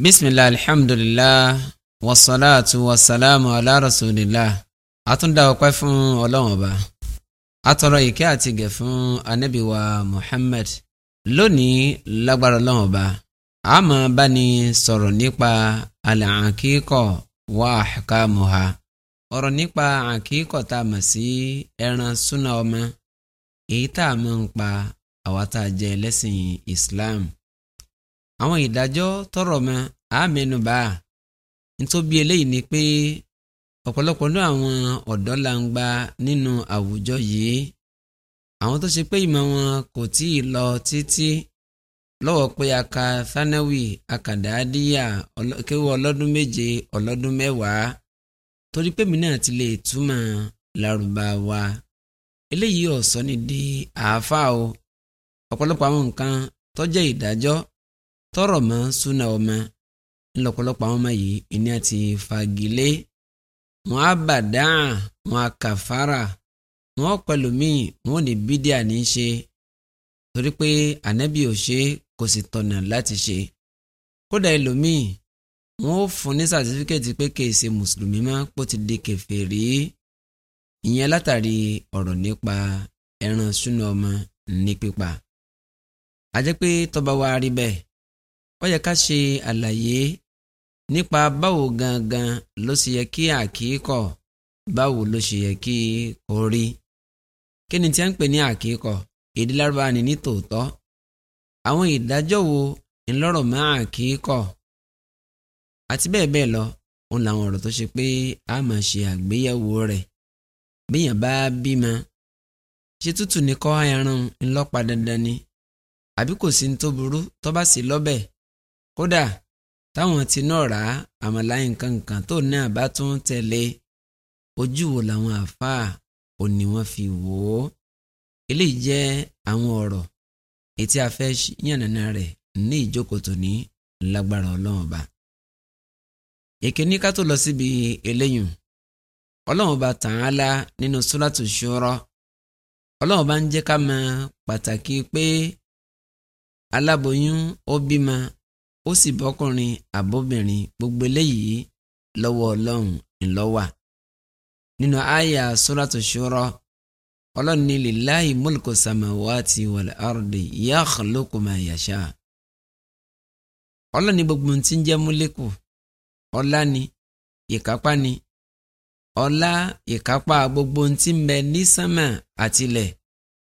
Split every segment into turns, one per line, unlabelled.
bisimilah alhamdulilah wasalaatu wasalaamu ala rasulillah atúndà ọpẹ́ fún Ọlọ́run ọba atọrọ ìkẹ́ àti gẹ̀ fún ànábì wa Muhammad lónìí lágbára Ọlọ́run ọba a máa bá ní sọ̀rọ̀ nípa al-akíkọ wa ahkamuha ọ̀rọ̀ nípa àkíkọ tá a mọ̀ sí ẹran súnà ọmọ èyí pa àwa tá a Islam àwọn ìdájọ́ tọrọ mọ́ àmẹnubà nítorí eléyìí ni pé ọ̀pọ̀lọpọ̀ ní àwọn ọ̀dọ́ làǹgbà nínú àwùjọ yìí àwọn tó ṣe pé ìmọ̀ wọn kò tí ì lọ títí lọ́wọ́ pé aka thanawi akadàádíyà kéwọ́ ọlọ́dún méje ọlọ́dún mẹ́wàá torí pé mi náà ti lè túmọ̀ lárúbáwá eléyìí ọ̀sọ́ ni di àáfàá o ọ̀pọ̀lọpọ̀ àwọn nǹkan tó jẹ́ ìdájọ́ tọrọ mọ súnà ọmọ ńlọpọlọpọ àwọn ọmọ yìí ìní àti fagilé wọn á bàdá wọn á kàfàrà wọn pẹ̀lú míì wọn ò ní bídíà ní í ṣe torí pé ànábì ò ṣe kò sì tọ̀nà láti ṣe kódà ẹlòmíì wọn ò fún ní sàtífíkẹ́tì pé kì í ṣe mùsùlùmí mọ́ kó ti di kèfèrí ìyẹn látàrí ọ̀rọ̀ nípa ẹran súnà ọmọ ní pípa. a tọ́ba wa rí bẹ́ẹ̀ ó yẹ ká ṣe àlàyé nípa báwo gangan ló ṣe yẹ kí àkíkọ̀ báwo ló ṣe yẹ kí kò rí kí ni tí a ń pè ní àkíkọ̀ èdè lárúbá ni ní tòótọ́ àwọn ìdájọ́ wo ńlọ́rọ̀ mọ́ àkíkọ̀ àti bẹ́ẹ̀ bẹ́ẹ̀ lọ òun làwọn ọ̀rọ̀ tó ṣe pé a máa ṣe àgbéyẹ̀wò rẹ̀ bíyàn bá bímọ ṣe tútù ní kọ́ ẹran ńlọ́pa dandan ni àbí kò sí ní tó burú tó bá sí lọ́bẹ̀ kódà táwọn ti náà rà á àmàlà nǹkan kan tó ní àbá tó ń tẹ̀lé ojú wo làwọn àáfàá òní wọn fi wò ó eléyìí jẹ́ àwọn ọ̀rọ̀ ètí afẹ́ yànnàna rẹ̀ ní ìjókòó tòní lágbára ọlọ́run ọba ìkíní ká tó lọ síbi eléyìí ọlọ́run ọba Ta'ala nínú Suratu Shura ọlọ́run ọba ń jẹ́ ká mọ pàtàkì pé aláboyún ó bímọ ó sì bọ́kùnrin àbóbìnrin gbogbo eléyìí lọ́wọ́ ọlọ́run ńlọ́wà. nínú àyà suratu Shura ọlọ́run ní lillahi mulku samawati wal ardi yakhluqu ma yasha. ọlọ́run ní gbogbo tí ń jẹ́ múlẹ́kù ọlá ni ìkápá ni ọlá ìkápá gbogbo tí ń bẹ ní sánmà àtilẹ̀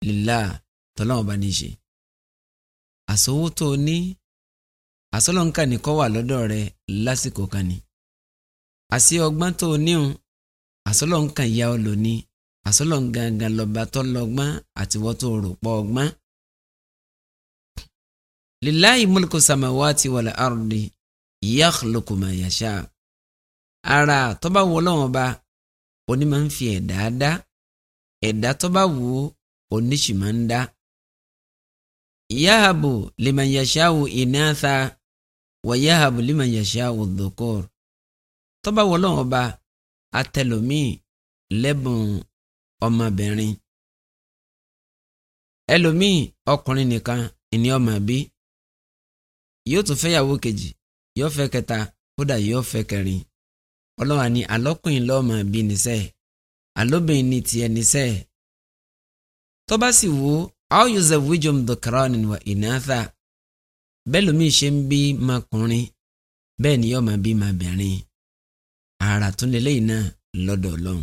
lílá tọ́lọ́wọ́n bá ní í ṣe. àsowótó ní àsọlọ́nkà ni kọ́ wà lọ́dọ̀ rẹ lásìkò kan ni àṣì ọgbọ́n tó o níhun àsọlọ́nkà ìyá ọ lò ní àsọlọ́ngangan lọ́ba tó lọ́gbọ́n àtiwọ́ tó rò pọ̀ ọgbọ́n. lillahi mulku samawati wal ardi yakhluqu ma yasha ara tọ́ba wo lọ́wọ́n ba oní máa ń fi ẹ̀dá dá ẹ̀dá tọ́ba wo oníṣì máa ń dá. yahabu liman yasha'u inatha wọ̀yẹ́ àbùlímọ̀ yẹ̀ṣẹ́ òdòkọ́r tọ́ba wọlọ́wọ́n ba atẹlòmíì lẹ́bùn ọmọbìnrin ẹlòmíì ọkùnrin nìkan ìní ọmọ bí yóò tún fẹ́yàwó kejì yóò fẹ́ kẹta kódà yóò fẹ́ kẹrin ọlọ́wà ni alọ́kùnrin lọ́mọ bí nísẹ́ alóbìnrin ní tiẹ̀ nísẹ́ tọ́ba sì wò ó àwọn yóò zẹ̀ nínú ìnáfà bẹ́ẹ̀ lómi ṣe ń bí makùnrin bẹ́ẹ̀ ni yóò máa bí mabìnrin àrà tún lélẹ́yìn náà lọ́dọ̀ ọlọ́run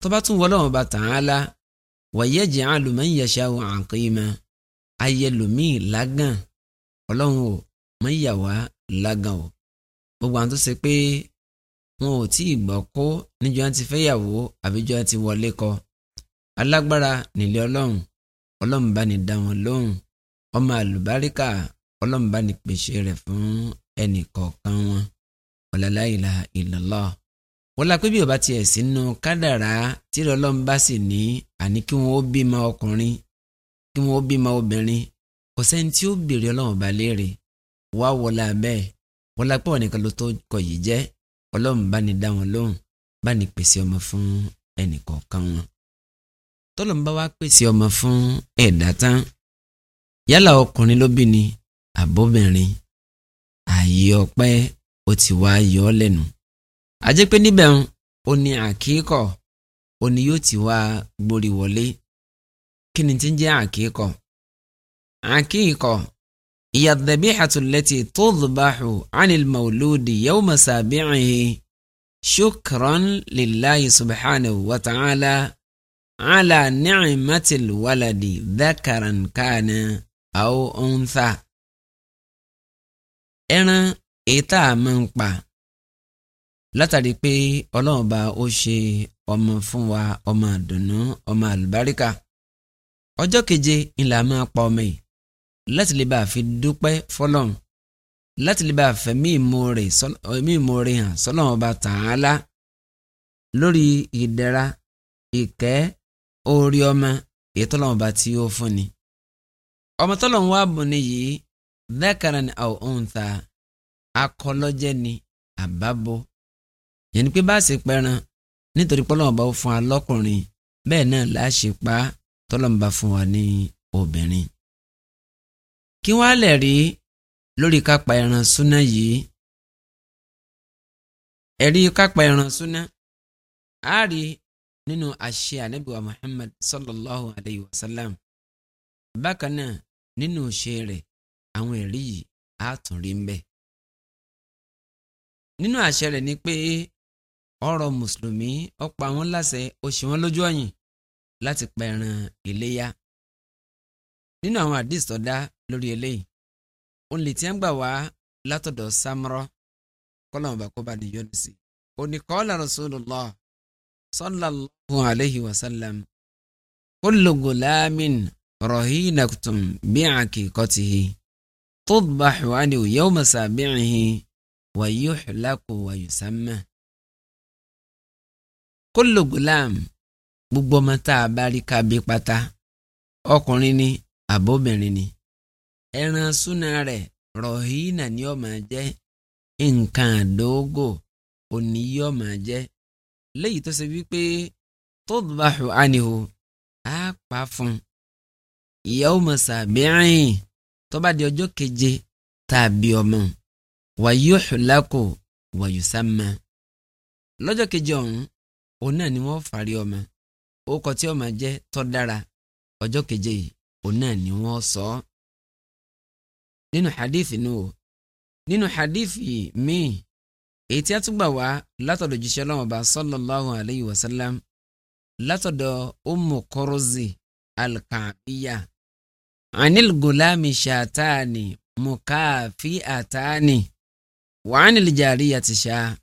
tó bá tún wọlọ́run bá ta'ala wa yaj'alu man yasha'u aqima ayé lómi lágàn ọlọ́run ò mọ̀nyà wá lágàn o gbogbo àwọn tó ṣe pé wọn ò tí ì gbọ́ kó níjọ́ wọn ti fẹ́yàwó àbíjọ́ wọn ti wọlé kọ alágbára nílé ọlọ́run ọlọ́run bá ní dá wọn lóhùn ọmọ àlùbáríkà ọlọ́run bá ní pèsè rẹ̀ fún ẹnì kọ̀ọ̀kan wọn ọ̀làlá ilaha illallah la pé bí ọba tiẹ̀ sínú kádàrá tí ọlọ́run bá sì ní àní kí wọ́n ó bímọ ọkùnrin kí wọ́n ó bímọ obìnrin kò sẹ́ni tí ó béèrè ọlọ́run bá léèrè wá wọlá bẹ́ẹ̀ wọ́n la pé wọn nìkan ló tó kọ yìí jẹ́ ọlọ́run bá ní dá wọn lóhùn bá ní pèsè ọmọ fún ẹnì kọ̀ọ̀kan wọn tọ́lọ́run wá pèsè ọmọ fún ẹ̀dá tán yálà ọkùnrin ló àbóbìnrin ààyè ọpẹ́ ó ti wá yọ ọ́ lẹ́nu. àjẹ́ pé níbẹ̀ ń ó ní àkíkọ̀ ó ní yóò ti wá gborí wọlé kí ni ti ń jẹ́ àkíkọ̀? àkíkọ̀ hiya dhabihatu allati tudbahu anil mawludi yawma sabi'ihi shukran lillahi subhanahu wa ta'ala ala ni'matil waladi dhakaran kana ẹran ètà máa ń pa látàrí pé ọlọ́run bá ó ṣe ọmọ fún wa ọmọ àdùnnú ọmọ àlùbáríkà ọjọ́ keje ńlá máa pa ọmọ yìí láti lè bá a fi dúpẹ́ fọlọ́run láti lè bá a fẹ́ mí ìmoore hàn sọlọ́run ọba tààlà lórí ìdẹ̀ra ìkẹ́ orí ọmọ ètò ọlọ́run ọba tí ó fún ni ọmọ tọ́lọ́run wá bùn ni yìí dhakaran au untha akọlọ́jẹ́ ni ababo yẹn ni pé bá a ṣe pẹran nítorí pọ́lọ́mọba ó fún wa lọ́kùnrin bẹ́ẹ̀ náà là á ṣe pa tọ́lọ́mọba fún wa ní obìnrin. kí wọ́n á lè rí lórí kápá ẹran súná yìí ẹ̀rí kápá ẹran súná á rí nínú àṣẹ ànábìwá Muhammad sallallahu alayhi wa sallam bákan náà nínú òṣè àwọn ẹ̀rí yìí á tún rí mbẹ́. nínú àṣẹ rẹ̀ ni pé ọ̀rọ̀ mùsùlùmí ó pa wọ́n láṣẹ ó ṣe wọ́n lójú ọ̀yìn láti pa ẹran iléyá. nínú àwọn àdìs tó dá lórí eléyìí òun lè tí ń gbà wá látọ̀dọ̀ sámúrọ́ kọ́lọ́mù bá kó bá ní yọ́nù sí i. òní kọ́lá rasulullah sallallahu alayhi wa sallam kullu gulamin rahinaktum bi'akikotihi tudbaḥu anihu يوم sabi'ihi ويحلق ويسمى كل yusamma. kullu gulam gbogbo ọmọ tá a bá rí kábí pátá ọkùnrin ni àbóbìnrin ni ẹran súnà rẹ̀ rọ̀hínà ni ó máa jẹ́ nǹkan àdógò òní yóò máa jẹ́ léyìí tó ṣe wípé tudbaḥu anihu á pa fún yawma sabi'ihi tó bá di ọjọ́ keje tá a bí ọmọ wayuhlaku wayusamma lọ́jọ́ keje ọ̀hún òun náà ni wọ́n fàárí ọmọ orúkọ tí ọmọ jẹ́ tó dára ọjọ́ keje yìí òun náà ni wọ́n sọ ọ́ nínú hadithi nù o nínú hadithi míì èyí tí wá látọ̀dọ̀ jíṣẹ́ ọlọ́run ọba sallallahu wa sallam látọ̀dọ̀ Ummu Kurzi al anil gulami shatani mukaafi atani wa anil jariyati sha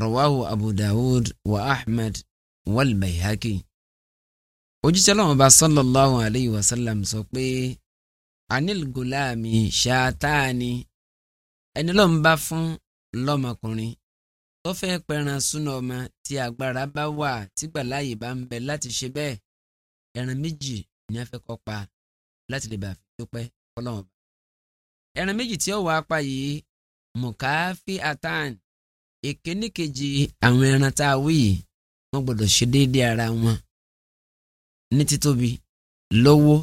rawahu abu dawud wa ahmed wal bayhaki ojúṣe lọ́wọ́ bá sallallahu alayhi wa sallam sọ pé anil gulami ṣáátáàni ẹni ló ń bá fún lọ́mọkùnrin tó fẹ́ pẹran súná ọmọ tí agbára bá wà tí gbàláyè bá ń bẹ láti ṣe bẹ́ẹ̀ ẹran méjì ni a fẹ́ kọ́ pa láti lè bàa fi dúpẹ́ fọlọ́run. ẹran méjì tí ó wà apá yìí mùkáfí atan ìkíní kejì àwọn ẹran tá a wí yìí wọ́n gbọ́dọ̀ ṣe déédéé ara wọn ní títóbi lówó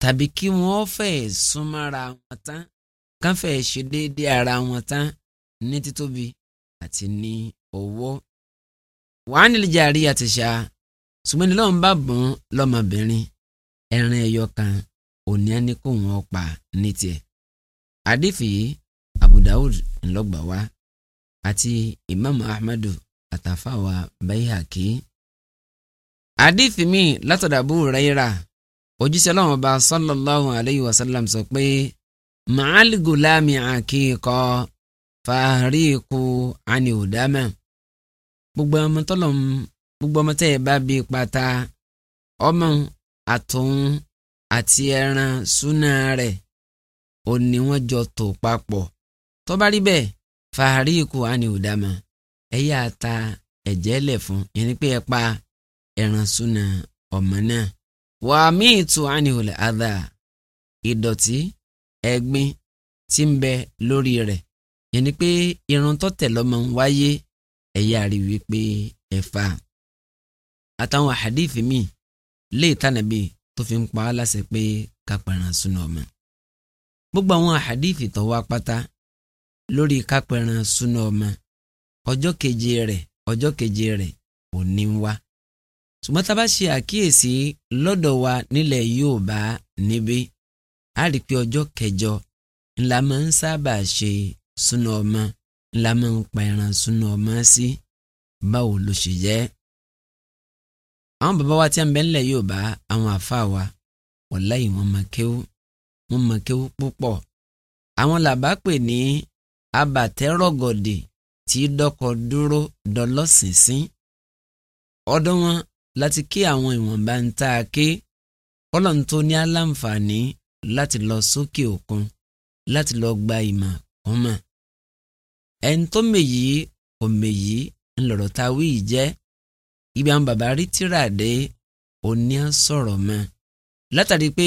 tàbí kí wọ́n fẹ́ẹ́ súnmọ́ra wọn tán kán fẹ́ẹ́ ṣe déédéé ara wọn tán ní títóbi àti ní owó. wàá nílẹ̀ jàrí àtìṣà ṣùgbọ́n ní lọ́nba bùn lọ́mọbìnrin ẹran ẹyọ kan òní á ní kó wọn pa ní tiẹ̀. àdìfì Abu Dawud ńlọgbà wá àti imam ahmadu àtàfàwà bayhaki. àdìfì mi látọ̀dọ̀ Abu Huraira ojúṣe ọlọ́run ọba sallallahu alayhi wa sallam sọ pé màálì gùlámì àkíkọ fàáríkù àni òdámà gbogbo ọmọ tọ́lọ̀ gbogbo ọmọ tẹ́ bá bí pátá ọmọ àtún àti ẹran súnà rẹ̀ ò ní wọ́n jọ tò papọ̀ tó bá rí bẹ́ẹ̀ fàárí ikú àni òdàmà ẹ yá ta ẹ̀jẹ̀ lẹ̀ fún yẹn ni pé ẹ pa ẹran súnà ọmọ náà wà míì tù àni òlẹ àdá ìdọ̀tí ẹ̀gbin tí ń bẹ lórí rẹ̀ yẹn pé irun tó tẹ̀ ń wáyé ẹ yá wípé ẹ fa àtàwọn àhàdíìfì míì lè tànàbí tó fi ń pa á láṣẹ pé kápẹ́ran súnà ọmọ gbogbo àwọn àhàdífì tó wá pátá lórí kápẹ́ran súnà ọmọ ọjọ́ keje rẹ̀ ọjọ́ keje rẹ̀ ò ní wá ṣùgbọ́n tá a bá ṣe àkíyèsí lọ́dọ̀ wa nílẹ̀ Yorùbá níbí a rí pé ọjọ́ kẹjọ ńlá máa ń sábà ṣe súnà ọmọ ńlá máa ń pa ẹran súnà ọmọ sí báwo ló ṣe jẹ́ àwọn bàbá wa tí ń bẹ ńlẹ̀ Yorùbá àwọn àfa wa wọ̀láyìí wọ́n máa kéwú wọ́n máa kéwú púpọ̀ àwọn làbá pè ní abàtẹ́rọ̀gọ̀dì tí dọ́kọ̀ dúró dọlọ́sìnsìn ọdún wọn láti kí àwọn ìwọ̀nba ń tá a ké ọlọ́run tó ní aláǹfààní láti lọ sókè òkun láti lọ gba ìmọ̀ kọ́mọ̀ ẹni tó mèyí kò mèyí ńlọrọ̀ táwí jẹ́ ibi àwọn bàbá rí tíra dé òní à ń sọ̀rọ̀ mọ́ látàrí pé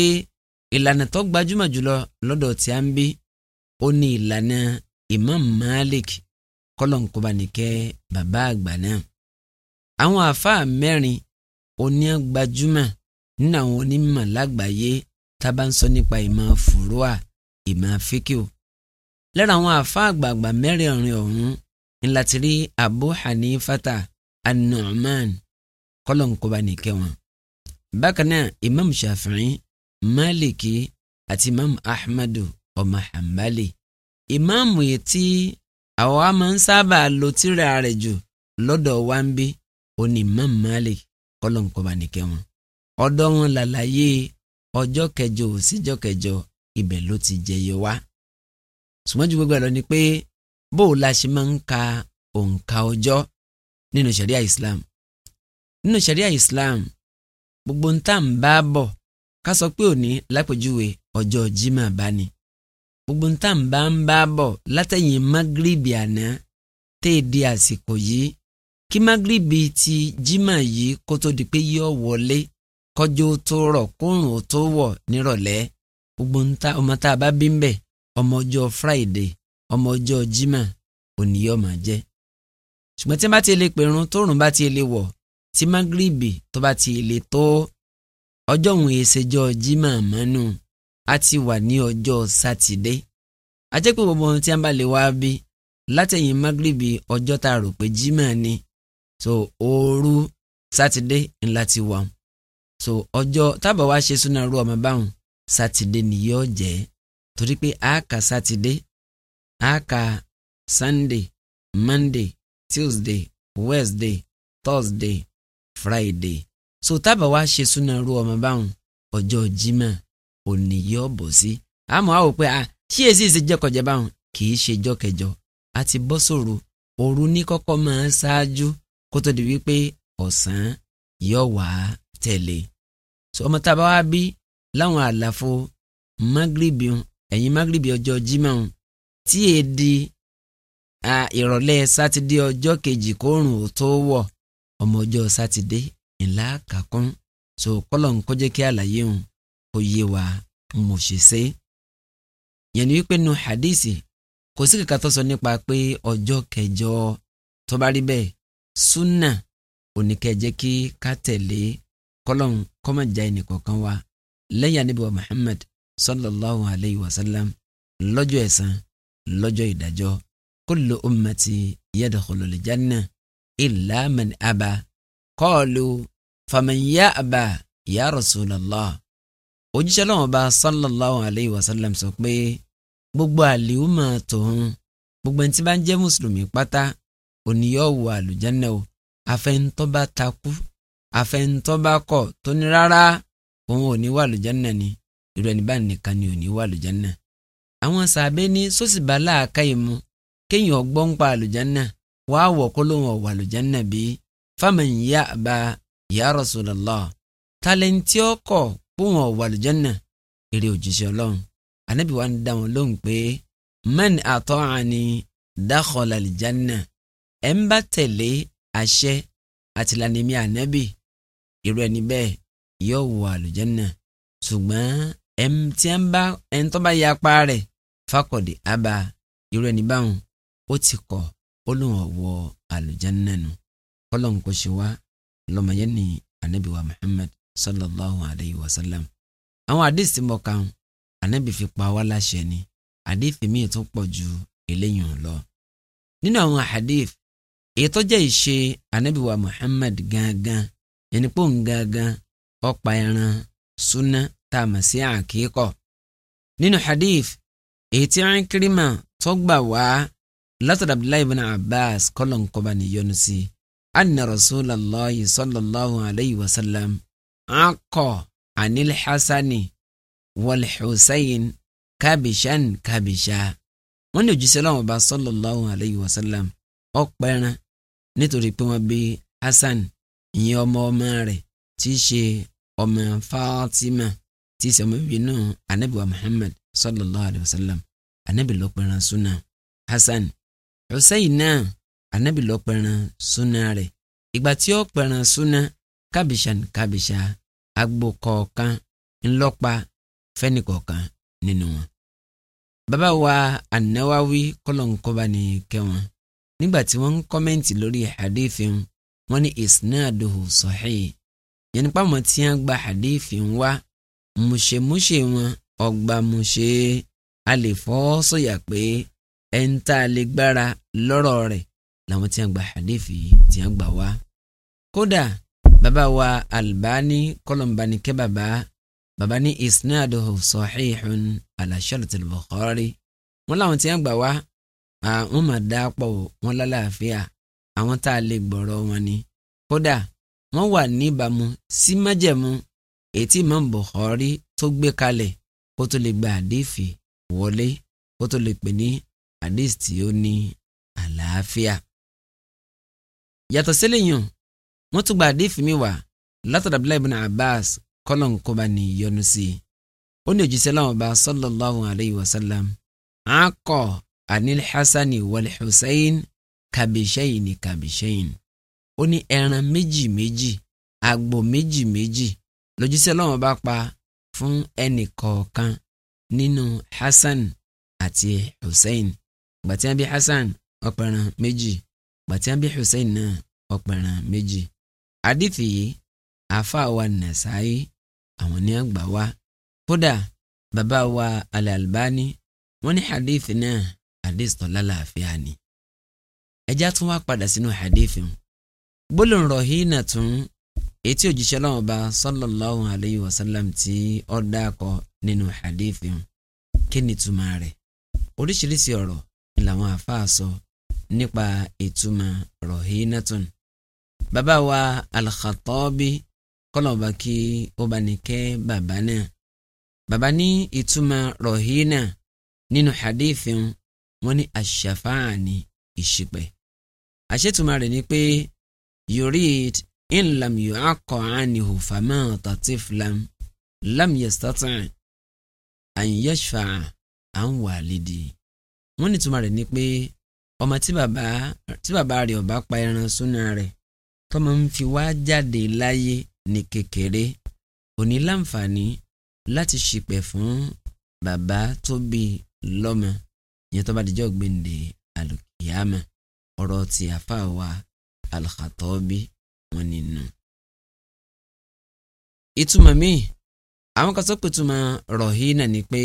ìlànà tó gbajúmọ̀ jùlọ lọ́dọ̀ tí a ń bí ó ní ìlànà Imam Malik kọ́lọ̀nkóba nìkẹ́ bàbá àgbà náà àwọn àáfàá mẹ́rin òní à gbajúmọ̀ nínú àwọn onímọ̀ lágbàáyé tábà ń sọ nípa ìmọ̀ fùrúà ìmọ̀ fíkìú lára àwọn àáfàá àgbààgbà mẹ́rin ọ̀hún ńlá ti rí Abu Hanifata an-Nu'man kọ́lọ́nkọ́ba nìkẹ́ wọn. bákan náà imam shafi'i maliki àti imam ahmadu ọmọ hanbali ìmáàmù yìí tí àwọn a máa ń sábà lo tírà rẹ̀ jù lọ́dọ̀ wa bí òní imam malik kọ́lọ́nkọ́ba nìkẹ́ wọn. ọ̀dọ̀ wọn làlàyé ọjọ́ kẹjọ òsíjọ́ kẹjọ ibẹ̀ ló ti jẹyọ wá. sùmọ́jú gbogbo ẹ̀ lọ ni pé bó o la ṣe máa ń ka òǹkà ọjọ́ nínú sharia islam nínú sharia islam gbogbo ntá ń bá bọ̀ ká sọ pé òní lápèjúwe ọjọ́ jimá bá ní gbogbo ntá ń bá ń bá bọ̀ látẹ̀yìn magribi àná téèdì àsìkò yìí kí magribi ti jimá yìí kó tó di pé yọ wọlé kọjú tó rọ̀ kóòrùn tó wọ̀ nírọ̀lẹ́ gbogbo ntá ọmọ tá a bá bí ń bẹ̀ ọmọ ọjọ́ friday ọmọ ọjọ́ jimá òní yọ máa jẹ́ ṣùgbọ́n tí wọ́n bá ti lè pèrún tóòrùn bá ti lè wọ̀ tí magribi tó bá ti lè tó ọjọ́ òun èsèjọ́ jimá mọ́nù á ti wà ní ọjọ́ sátidé àjẹpẹ́ gbogbo ohun tí wọ́n bá lè wá bí látẹ̀yìn magribi ọjọ́ tá rò pé jimá ni so òru sátidé ńlá ti wà so ọjọ́ tábà wá ṣe súná ru ọmọ báwọn sátidé ni yóò jẹ́ torí pé a kà sátidé a kà sannde mande tuesday wednesday thursday friday so tábà wá ṣe súná ru ọmọ báwọn ọjọ́ jimá òní yọ bọ̀ sí àmọ́ àwọn pé à ah, ṣí èsì ìṣèjọkọjẹ báwọn kì í ṣe jọkẹjọ àti bọ́ sòrò òru ní kọ́kọ́ máa ṣáájú kó tó di wípé ọ̀sán yọ wá tẹ̀lé so ọmọ tábà wá bí láwọn àlàfo magribi ẹ̀yìn magribi ọjọ́ jimá tí èdè ìrọ̀lẹ́ sátidé ọjọ́ kejì kóòrùn ò tó wọ̀ ọmọ ọjọ́ sátidé ńlá kàkún tó kọ́lọ̀ ń kọjá kí àlàyé òun kò yé wa mo ṣe ṣe. yẹn ni wípé nu hadisi kò sí kàkà tó sọ nípa pé ọjọ́ kẹjọ tó bá rí bẹ́ẹ̀ súnà oníkẹ́jẹ́ kí ká tẹ̀lé kọ́lọ̀ ń kọ́mọ̀já ẹnì kọ̀ọ̀kan wa lẹ́yìn anábìwá Muhammad sallallahu alayhi wa sallam lọ́jọ́ ẹ̀san lọ́jọ́ ìdájọ́ kullu ummati yadkhulul janna illa man aba qalu faman ya'ba ya rasulallah òjíṣẹ́ lọ́wọ́ bá sallallahu alayhi wa sallam sọ pé gbogbo àlìhù máa tòun gbogbo ẹni tí bá ń jẹ́ mùsùlùmí pátá òní yóò wọ àlùjánnà o afẹ́ntọ́ bá takú afẹ́ntọ́ bá kọ̀ tó ní rárá òun ò ní wọ àlùjánnà ni irú ẹni bá nìkan ni ò ní wọ àlùjánnà. àwọn sàbẹ́ ní sọ́sìbà láàká yìí mu kéèyàn gbọ́ ń pa àlùjánná wàá wọ̀ kó ló wọ̀ wà àlùjánná bí faman ya'ba ya Rasulullah tálẹ́ǹtì ọkọ̀ kó wọ̀ wà àlùjánná eré òjíṣẹ́ ọlọ́run anábì wa ń dá wọn lóhùn pé man ata'ani dakhala àlùjánná ẹ̀ ń bá tẹ̀lé àṣẹ àtìlánìmí ànábì irú ẹni bẹ́ẹ̀ yóò wọ àlùjánná ṣùgbọ́n ẹ̀m tí ẹ̀ ń bá ẹ̀ ń tọ́ bá yapa rẹ̀ fakọ̀dé àbá irú ẹni báwọn ó ti kọ̀ ó lóun ọ̀wọ́ àlùjánnà nù kọ́lọ̀ ń kó ṣe wá lọ́mọyẹ́ ní anabi wa muhammad sallallahu alayhi wa sallam àwọn àdìsí mọ̀kan anabi fi pa wá láṣẹ ni àdìsí míì tún pọ̀ ju eléyìí lọ nínú àwọn àdìsí èyí ìṣe anabi wa muhammad gangan ẹni pò ọ̀pá ẹran súná tá a mọ̀ sí àkíkọ̀ nínú hadith èyí tí Ikrima tó gbà wá látọ̀dọ̀ abdullahi bin abbas kọ́lọ̀ nkọ́ba níyọnu sí i anna rasulallah sallallahu alayhi wa sallam akọ anil hasani wal husayn kabishan kabisha wọ́n ní òjíṣẹ́ lọ́wọ́ bá sallallahu alayhi wa sallam ó pẹran nítorí pé wọ́n bí hasan ìyẹn ọmọ ọmọ rẹ̀ tí í ṣe ọmọ fatima tí í ṣe ọmọ bíbí náà anabi wa muhammad sallallahu alayhi wa sallam anabi ló pẹran sunna hasan ọ̀sẹ̀ yìí náà anabi lọ pẹran súná rẹ̀ ìgbà tí ó pẹran súná kábíṣà ní kábíṣà agbo kọ̀ọ̀kan ńlọ́pa fẹ́ni kọ̀ọ̀kan nínú wọn. bàbá wa anáwáwí kọlọ̀nkọ́ba ní kẹwọn nígbà tí wọ́n ń kọ́mẹ́ǹtì lórí hadithin wọ́n ní isnaduhu sahih yẹn nípa wọn tí wọ́n gba hadithin wá mùṣemúṣe wọn ọgbà a lè fọ́ sọ̀yà pé ẹni tá a lè gbára lọ́rọ̀ rẹ̀ làwọn tí a gba hadithi tí a gbà wá. kódà bàbá wa Albani kọlọmbani kẹ bàbá bàbá ní isnaduhu sahihun ala sharti al-Bukhari wọn làwọn tí a gbà wá àwọn máa dá pọ̀ wọn lálàáfíà àwọn tá a lè gbọ́rọ̀ wọn ni kódà wọ́n wà níbàámu sí májẹ̀mú ètí Imam Bukhari tó gbé kalẹ̀ kó tó lè gba àdéfì wọlé kó tó lè pè ní hadith tí ó ní àlàáfíà. yàtọ̀ sílẹ̀yìn wọ́n tún gba hadith mi wá látọ̀dọ̀ Abdullahi ibn Abbas kọ́lọ̀ nkóba ní ìyọnu sí i ó ní òjíṣẹ́ láwọn ọba sallallahu alayhi wa sallam akọ anil hasani wal hussein kabishayin kabishayin ó ní ẹran méjì méjì agbo méjì méjì lójúṣe lọ́wọ́ bá pa fún ẹnì kọ̀ọ̀kan nínú Hasan àti Hussein gbàtí àbí Hasan ó pẹran méjì gbàtí àbí Hussein náà ó pẹran méjì. àdìtì yìí àáfàá wa Nàsáyí àwọn ní àgbà wa kódà bàbá wa Al-Albani wọ́n ní hadithi náà hadithi lálàáfíà ni. ẹjá tún wá padà sínú hadithi mu gbólóhùn rọ̀hínà tún etí òjíṣẹ́ lọ́wọ́ bá sallallahu alayhi wa tí ó dákọ̀ nínú hadithi mu kí ni túmọ̀ rẹ̀ oríṣiríṣi ọ̀rọ̀ làwọn àfáà sọ nípa ìtumọ̀ rọ̀hínàtún. bàbá wa Al-Khattabi kọlọ̀ọ̀bà kí ó bá ní kẹ́ bàbá náà. bàbá ní ìtumọ̀ rọ̀hínà nínú hadithin wọn ní àṣàfáàní ìṣìpẹ̀. àṣetuma rẹ̀ ni pé yurid in lam yu'aqqa anhu fama tatiflam lam yastati' an yashfa'a an walidi wọ́n nítumọ̀ rẹ̀ ni pé ọmọ tí bàbá tí bàbá rẹ̀ ọ̀bá pa ẹran súnà rẹ̀ tọ́mọ ń fi wá jáde láyé ní kékeré òní láǹfààní láti ṣìpẹ̀ fún bàbá tó bí lọ́mọ ìyẹn tó bá dijọ́ gbèǹde àlùkìyàmà ọ̀rọ̀ ti àfàwà al wọn nínú. ìtumọ̀ míì àwọn kan sọ pé ìtumọ̀ rọ̀hínà ni pé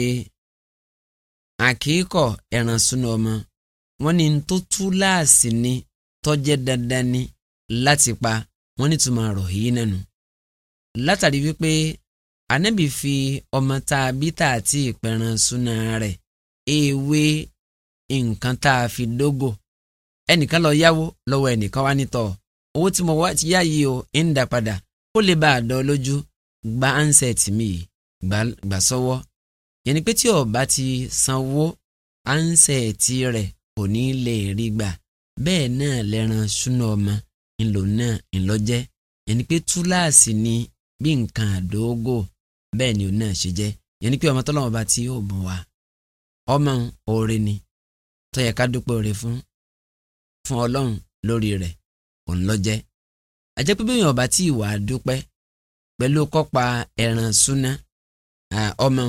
àkíkọ̀ ẹran súnú ọmọ wọ́n ní tó tú láàsì ni tọ́jẹ́ dandan ni láti pa wọ́n ní túmọ̀ rọ̀ yìí nẹ́nu. látàrí wípé anábì fi ọmọ tá a bí tá a ti pẹran súnà rẹ̀ ewé nǹkan tá a fi dógò ẹnìkan lọ yáwó lọ́wọ́ ẹnìkan wá nítọ̀ owó tí mo wá ti yá yìí o ń dà padà ó lè bá a dán lójú gba ansẹ̀tì mi gbà sọ́wọ́ yẹn ni pé tí ọba ti sanwó ánsẹ̀tì rẹ̀ kò ní lè rí gbà bẹ́ẹ̀ náà lẹ́ran súná ọmọ ńlò náà ńlọ́jẹ́ yẹn ni pé túláàsì ni bí nǹkan àdógò bẹ́ẹ̀ ni òun náà ṣe jẹ́ yẹn ni pé ọmọ tọ́lọ́mọba tí yóò bùn wá ọmọ oore ni tó ká dúpẹ́ oore fún fún ọlọ́run lórí rẹ̀ òun lọ jẹ́ àjẹ́ pé bí ọba tí ìwà dúpẹ́ pẹ̀lú kọ́pa ẹran súná ọmọ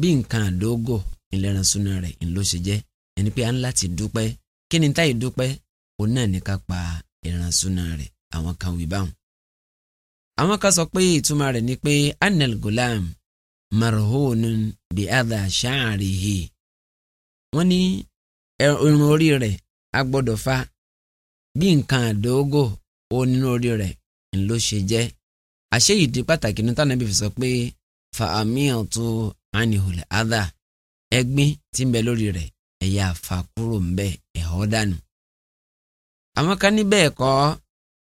bí nǹkan àdógò ìlẹ́ran súná rẹ̀ ńlọ ṣe jẹ́ ẹni pé a ń láti dúpẹ́ kí ni táyì dúpẹ́ òun náà ní ká pa ìran súná rẹ̀ àwọn kan wí báwọn. àwọn kan sọ pé ìtumọ̀ rẹ̀ ni pé anel gulam marhonun bi adha sha'rihi wọ́n ní irun orí rẹ̀ a gbọ́dọ̀ fa bí nǹkan àdógò òun nínú orí rẹ̀ ńlọ ṣe jẹ́ àṣé ìdí pàtàkì ní tànàbí fi sọ pé fa àmì ọ̀tún anihul adha ẹ̀gbin tí ń bẹ lórí rẹ̀ ẹ̀yà àfa kúrò ń bẹ e ẹ̀họ́ dànù. àwọn kan ní bẹ́ẹ̀ kọ́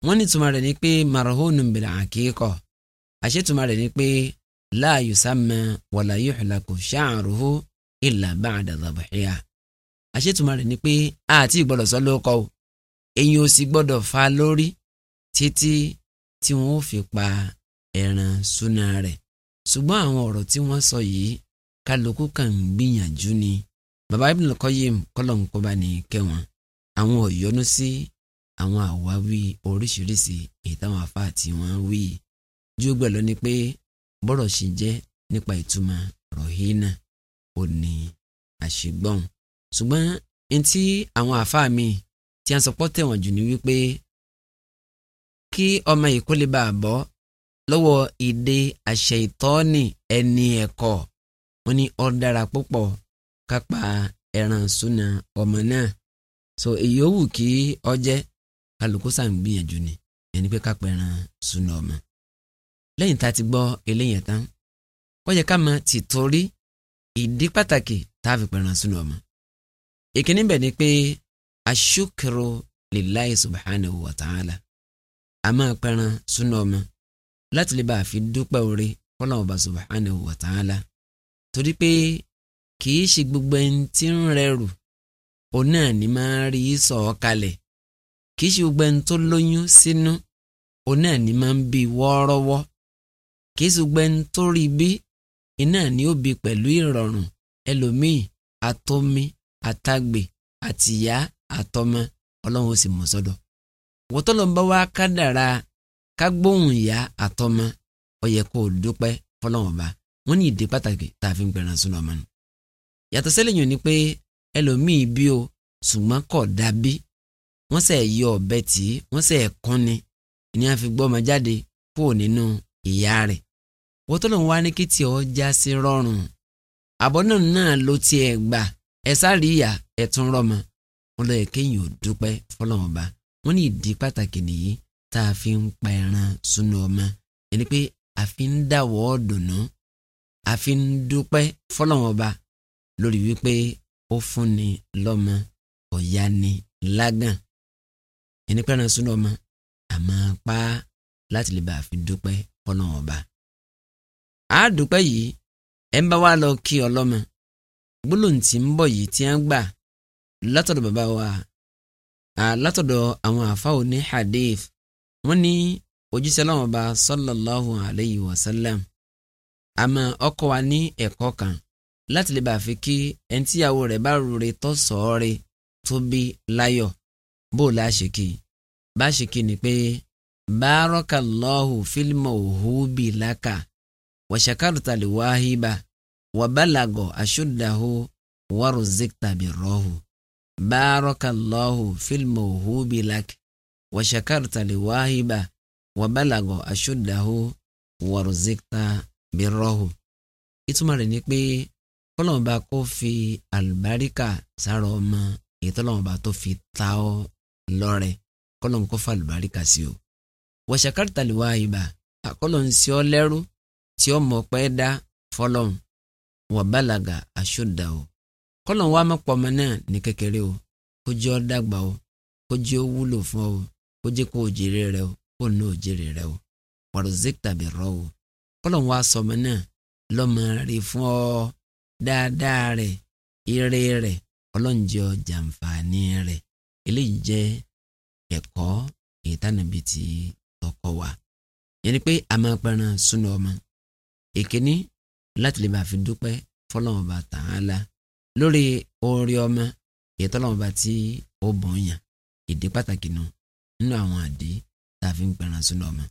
wọ́n ní tuma rẹ̀ ni pé marahonu bìlà àkíkọ̀ àṣẹ tuma rẹ̀ ni pé la yusamma wala yuhlaku sha'ruhu illa ba'da dhabiha àṣẹ tuma rẹ̀ ni pé àti ìgbọ́dọ̀ sọ lóko o sì gbọ́dọ̀ fa lórí títí tí wọ́n fi pa ẹran súná rẹ̀ ṣùgbọ́n àwọn ọ̀rọ̀ tí wọ́n sọ yìí kálukú kàn ń gbìyànjú ni bàbá Ibn Qayyim kọ́lọ́nkọ́ba ní kẹwọn àwọn ọ̀yọ́nú sí àwọn àwáwí oríṣiríṣi èyí táwọn afáà tí wọ́n wí ju gbẹ̀ lọ ni pé bọ́rọ̀ ṣì jẹ́ nípa ìtumọ̀ rọ̀hínà ò ní àṣegbọ́n ṣùgbọ́n ntí àwọn àfáà mi tí a sọpọ́ tẹ̀wọ̀n jù ní wípé kí ọmọ yìí bá a bọ́ lọ́wọ́ ìdè àṣẹ ìtọ́ni ẹni ẹ̀kọ́ wọn ni ó dára púpọ̀ kápá ẹran súnà ọmọ náà so èyí ó wù kí ọ jẹ́ kálukú sàn gbìyànjú ni ẹni pé kápá ẹran súnà ọmọ lẹ́yìn tá a ti gbọ́ eléyìí tán ó yẹ ká máa ti torí ìdí pàtàkì tá a fi pẹ̀ràn súnà ọmọ ìkíní bẹ̀ ni pé aṣúkèrò lillahi subhanahu wa ta'ala a máa pẹ̀ràn súnà ọmọ láti lè bá a fi dúpẹ́ oore fọlọ́n ọba subhanahu wa ta'ala torí pé kì ṣe gbogbo ẹni tí ń rẹrù òun náà ni máa rí sọ ọ́ kalẹ̀ kì í ṣe gbogbo ẹni tó lóyún sínú òun náà ni máa ń bí wọ́ọ́rọ́wọ́ kì í ṣe gbogbo ẹni tó rí bí iná ni ó bí pẹ̀lú ìrọ̀rùn ẹlòmíì àtomi àtagbè àtìyá àtọmọ ọlọ́run ó sì mọ̀ sọ́dọ̀ wọ́tọ́lọ́mbá wa kádàrá ká gbóhùn ìyá àtọmọ ó yẹ kó o dúpẹ́ fọlọ́wọ́n ọba wọ́n ní ìdí pàtàkì tá a fi ń gbẹ̀ràn sínú ọmọ nù. yàtọ̀ sẹ́lẹ̀yìn ni pé ẹlòmíì bí o ṣùgbọ́n kò dàbí wọ́n sẹ̀ yọ ọ̀bẹ tí wọ́n sẹ̀ kán ni ìní àfi gbọ́ ọmọ jáde kúrò nínú ìyá rẹ̀ wọ́n tó lòun wá ní kí tiọ́ já sí rọrùn àbọ̀ náà náà ló tiẹ̀ gbà ẹ sáré ìyá ẹ tún rọ́mọ wọn lọ yẹ kéèyàn dúpẹ́ fọlọ́wọ́n ọba wọ́n ní ìdí pàtàkì nìyí tá a fi ń pa ẹran sunu ọmọ ẹni pé a fi ń dàwọ́ dùnú a fi ń dúpẹ́ fọlọ́wọ́n ọba lórí wípé ó fúnni lọ́mọ ọ̀yá ni lágàn ẹni pé ẹran sunu ọmọ a máa pa á láti lè bá a fi dúpẹ́ fọlọ́wọ́n ọba. a dúpẹ́ yìí ẹ̀ ń bá wa lọ kí ọlọ́mọ gbólóhùn tí ń bọ̀ yìí tí ń gbà látọ̀dọ̀ bàbá wa látọ̀dọ̀ àwọn àfáà oní hadith wọ́n ní òjíṣẹ́ náà ọba sallallahu alayhi wa sallam àmọ́ ọkọ wa ní ẹ̀kọ́ kan láti lè bàa fi kí ẹni tíyàwó rẹ̀ bá rúre tó sọ̀ọ́re tó bí láyọ̀ bó la ṣe kí bá ṣe kí ni pé barakallahu fil mawhubi laka wa shakarta li wahiba wa balago ashuddahu wa ruzikta birruhu wàṣàkàrìtà lè wáhíbà wàbálàgọ̀ àṣọdàhó wàrùzíkà bírọ́hù. ìtumọ̀ rẹ̀ ni pé kọ́lọ́mọba kò fi àlùbáríkà sára ọmọ èyí tọ́lọ́mọba tó fi ta ọ́ lọ́rẹ̀ kọ́lọ́mọ kò fa àlùbáríkà sí o. wàṣàkàrìtà lè wáhíbà àkọ́lọ́ ń ṣe ọ́ lẹ́rú tí ó mọ̀ pẹ́ dá fọlọ́n wàbálàgà àṣọdàhó kọ́lọ́mọ wa mọ̀ pọ̀ ọmọ náà ní kékeré o kó jẹ́ ó dàgbà o kó jẹ́ ó wúlò fún ọ kó jẹ́ kó òjèrè rẹ o kó ní òjèrè rẹ o wàrúzík tàbí rọ o kọ́lọ̀ wá sọmọ náà lọ́mọ rí fún ọ dáadáa rẹ ire rẹ ọlọ́njẹ́ ọjà nfààní rẹ eléyìí jẹ́ ẹ̀kọ́ ìtànàbí ti ọkọ wa yẹn pé a máa ọmọ èkíní láti lè máa fi dúpẹ́ fọlọ́wọ́n bá tààlà lórí oore ọmọ ìtọ́lọ́wọ́n bá tí ó bọ̀ ìdí pàtàkì náà nínú àwọn àdí tá a fi ń pẹran súná ọmọ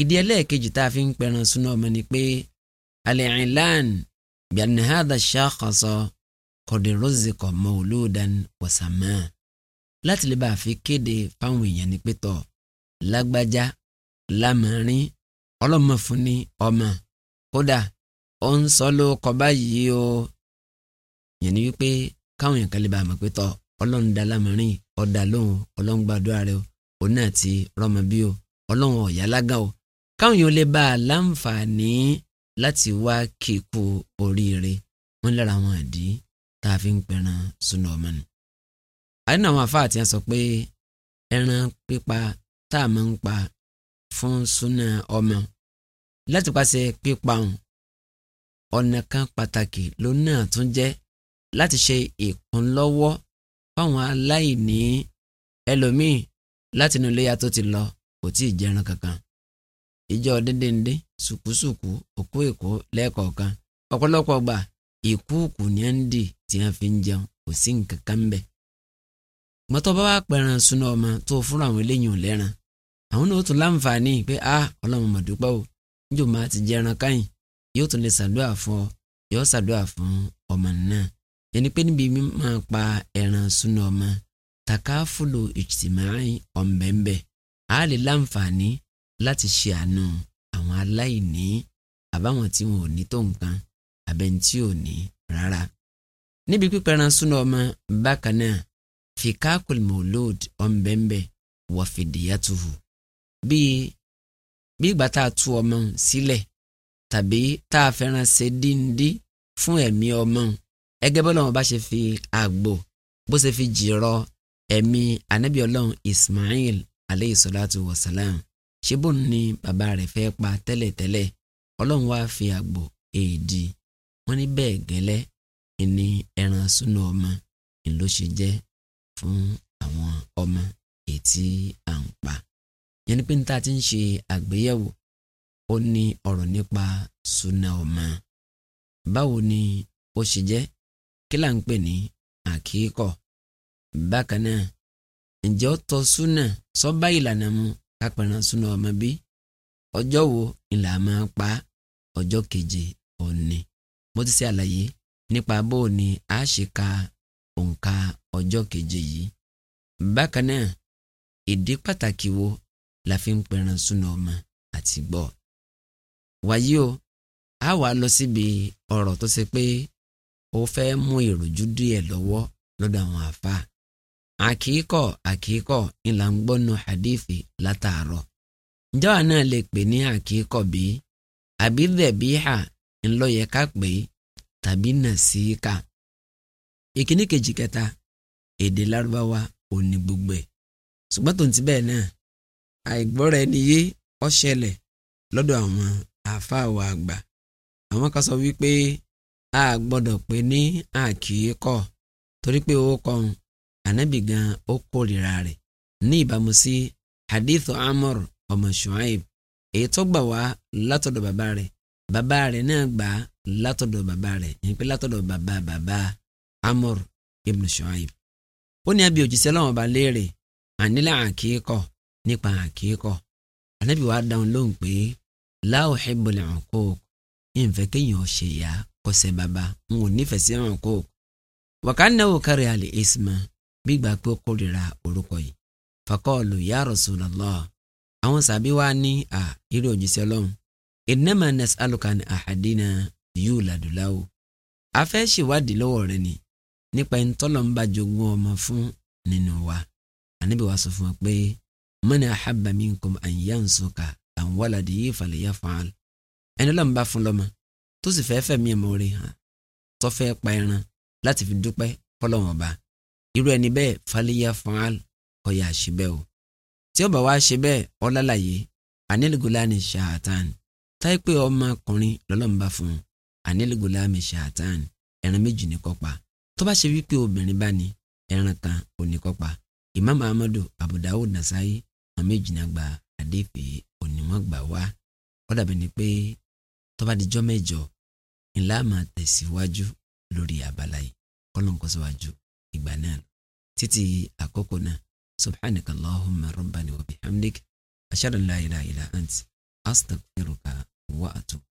ìdí ẹlẹ́ẹ̀kejì tá a fi ń pẹran súná ọmọ ni pé al-i'lan bi anna hadha ash-shakhs qad ruzziqa mawludan wa samaa láti lè bá a fi kéde fáwọn èèyàn ní pétọ́ lágbájá lámàrin ọlọ́mọ fún ọmọ kódà ó ń sọ ló báyìí o yẹn ni wípé káwọn èèyàn kan lè bá a mọ̀ pétọ́ ọlọ́run dá lámàrin ọ̀dà lóhùn ọlọ́run gbàdúrà rẹ o òun náà ti rọmọ bí o ọlọ́run ọ̀yà lága o káwọn yóò lè bá a láǹfààní láti wá kíkú oríire wọn lára àwọn àdí tá a fi ń pẹran súnà ọmọ nù. àdínà àwọn afáà ti sọ pé ẹran pípa tá a máa ń pa fún súnà ọmọ láti pàṣẹ pípa òun ọ̀nà kan pàtàkì ló náà tún jẹ́ láti ṣe ìkúnlọ́wọ́ fáwọn aláìní ẹlòmíì láti inú ya to ti lọ kò tí ì jẹran kankan ìjọ dídíndín sùkúsùkú òkú èkó lẹ́ẹ̀kọ̀ọ̀kan ọ̀pọ̀lọpọ̀ gbà ìkúùkù ní à ń dì tí wọ́n fi ń jẹun kò sí nǹkan kan ń bẹ̀. mọ́tò bá wà pẹ̀ràn súná ọmọ tó fúnra àwọn eléyìn ò lẹ́ran àwọn a ọlọ́run mà o níjò máa ti jẹran yóò tún ọmọ náà yẹni pé níbi mi máa pa ẹran súnà ọmọ takáfùlù ìtìmáì ọ̀nbẹ̀ǹbẹ̀ á lè láǹfààní láti ṣe àánú àwọn aláìní àbáwọn tí wọn ò ní tó nǹkan àbẹ̀ni tí ò ní rárá. níbi pípẹ́ran súnà ọmọ bákan náà fikakul mọ̀lód ọ̀nbẹ̀ǹbẹ̀ wọ̀ fìdíyàtúhù bíi bí ìgbà tá a tú ọmọ sílẹ̀ tàbí tá a fẹ́ràn ṣe díndín fún ẹ̀mí ọmọ ẹgẹ́ bọ́lá wọn bá ṣe fi àgbò bó ṣe fi jìrọ ẹ̀mí anabi Ismail aleyhi salatu wa salam ṣé bóun ni bàbá rẹ̀ fẹ́ pa tẹ́lẹ̀tẹ́lẹ̀ ọlọ́run wá fi àgbò èdè wọn ní bẹ́ẹ̀ gẹ́lẹ́ ìní ẹran súnú ọmọ ló ṣe jẹ́ fún àwọn ọmọ ètí à ń pa yẹn ni pé níta ti ń ṣe àgbéyẹ̀wò ó ní ọ̀rọ̀ nípa súnà ọmọ báwo ni ó ṣe jẹ́ kí là ń pè ní àkíkọ̀ bákan náà ǹjẹ́ ó tọ́ súnà sọ́ba ìlànà mu kápẹ́ran súnà ọmọ bí ọjọ́ wo ìlà máa pa ọjọ́ keje òní mo ti ṣe àlàyé nípa bó o ní a ṣe ka òǹkà ọjọ́ keje yìí bákan náà ìdí pàtàkì wo la fi ń pẹran súnà ọmọ àti gbọ́ wàyí o a wà lọ síbi ọ̀rọ̀ tó ṣe pé ó fẹ́ mú ìròjú díẹ̀ lọ́wọ́ lọ́dọ̀ àwọn àfa àkíkọ̀ àkíkọ̀ ńlá ń gbọ́nu hadithi látàárọ̀ ǹjẹ́ wà náà lè pè ní àkíkọ̀ bí àbí dẹ̀bíhà ńlọ́yẹ ká pè tàbí na ìkíní kejì kẹta èdè lárúbáwá òní gbogbo ẹ̀ ṣùgbọ́n tó ń ti bẹ́ẹ̀ náà àìgbọ́ra ẹni ṣẹlẹ̀ lọ́dọ̀ àwọn àgbà àwọn kan a gbọ́dọ̀ pè ní àkìíkọ torí pé ó kọrun ànábì gan ó kórìíra rẹ̀ ní ìbámu sí hadithu amor ọmọ shuaib èyí tó gbà wá látọ̀dọ̀ bàbá rẹ̀ bàbá rẹ̀ náà gbà látọ̀dọ̀ bàbá rẹ̀ yẹn pé látọ̀dọ̀ bàbá bàbá amor ibn shuaib ó ní abiyọ̀ jíṣẹ́ lọ́wọ́ bá léèrè ànílà àkìíkọ nípa àkìíkọ ànábì wàá dáhùn lóhùn pé la uhibbul uquq ìǹfẹ́ kéèyàn ṣe yá kọsẹ̀ bàbá n ò nífẹ̀ẹ́ sí ẹ̀ràn kó wàkànnáwó kárí àlè isma bí gbà pé ó kórìíra orúkọ yìí fakọ́ọ̀lù ya Rasulullah àwọn sàbí wa ní à irú òjíṣẹ́ Ọlọ́run innama nas'aluka ní àhàdínà yuladu lahu afẹ́ ṣèwádìí lọ́wọ́ rẹ ni nípa ìtọ́lọ̀ ń bá jogún ọmọ fún nínú wa ànábì wa sọ fún wa pé man ahabba minkum an yansuka an waladihi falyaf'al ẹni lọ́nba fún lọ́mọ tó sì fẹ́ẹ́ fẹ̀mí ìmoore hàn tó fẹ́ẹ́ pa ẹran láti fi dúpẹ́ fọlọ́wọ́n ọba irú ẹni bẹ́ẹ̀ fàlíyà fọ́nrán kọ́ yà ṣe bẹ́ẹ̀ o tí ó bá wá ṣe bẹ́ẹ̀ ọlálàyé anilgulani shahatan táìpé ọmọkùnrin lọ́lọ́mùbá fún anilgulani shahatan ẹran méjì ní kọ́pa tó bá ṣe wípé obìnrin bá ní ẹran kan oníkọ́pa ìmáàmù amadu abu dawud nasaayi àwọn méjì náà gba àdéfì òní wọn gbà wá ó dàbí ni pé tó bá dijọ́ mẹ́jọ ńlá máa tẹ̀síwájú lórí abala yìí kọ́lọ́nkọ́síwájú ìgbà náà títí àkókò náà subhanaka allahumma rabbani wa bihamdik ashhadu an la ilaha illa ant astaghfiruka wa atubu